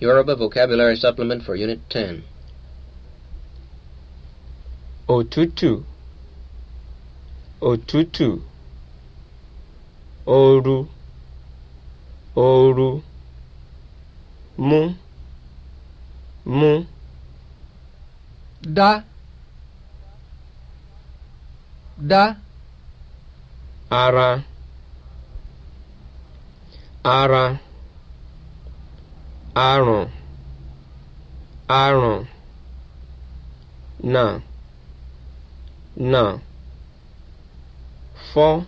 Yoruba Vocabulary Supplement for Unit 10. Òtútù Òtútù Oru. Oru. Mú Mú Dá Dá Ara Ara àrùn àrùn nà nà fọ́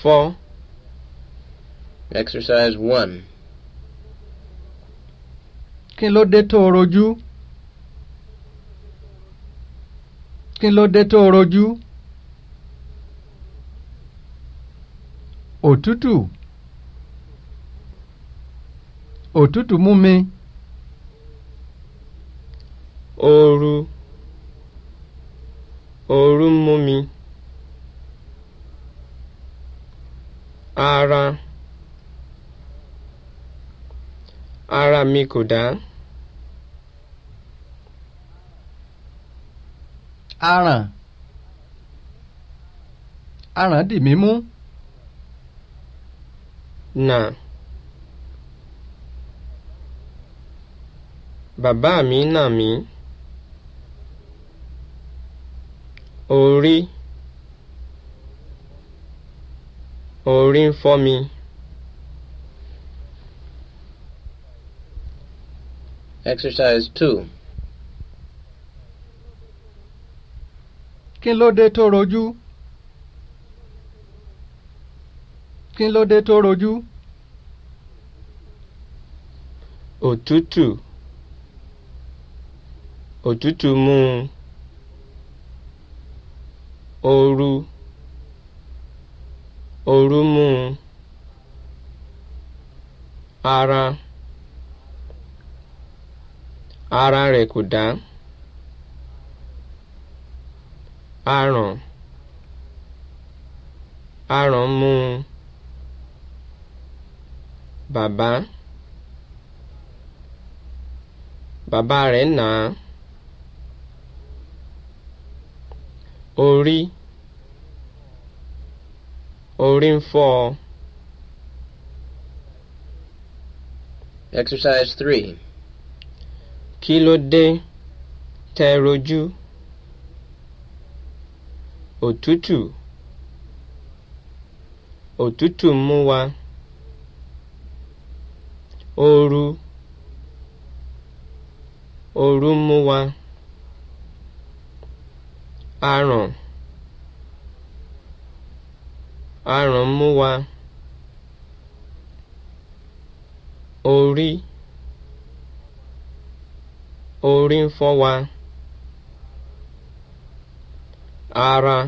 fọ́. Exercise one. Kí ló dé tó rojú? Kí ló dé tó rojú? Òtútù òtútù mú mi ooru ooru mú mi ara ara mi kò dá. aràn aràn dì mí mú. nà. Nah. Bàbá mi nà mí. Orí. Orí ń fọ́ mi. Exercise two. Kí ló dé tó rojú? Kí ló dé tó rojú? Òtútù. Ụtụtụ m Oru. Oru m ara ara rẹ kò dá aràn aràn mú bàbá bàbá rẹ nà orí orí ń fọ́ exercise three. kí ló dé tẹ́ rojú òtútù òtútù mú wa ooru ooru mú wa. aràn aràn mú wa orí orí ń fọ́ wa ara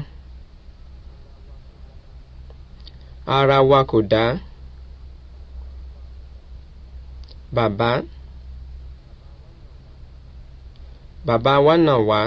ara wa kò dá bàbá bàbá wa nà wá.